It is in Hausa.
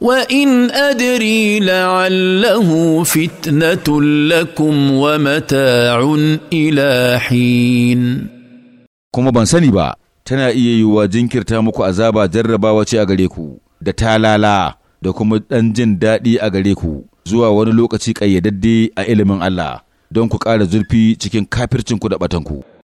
وان ادري لعله فتنه لكم ومتاع الى حين kuma ban sani ba tana iya yiwuwa jinkirta muku azaba jarrabawa ce a gare ku da talala da kuma ɗan jin daɗi a gare ku zuwa wani lokaci ƙayyadadde a ilimin Allah don ku ƙara zurfi cikin kafircinku da ɓatanku.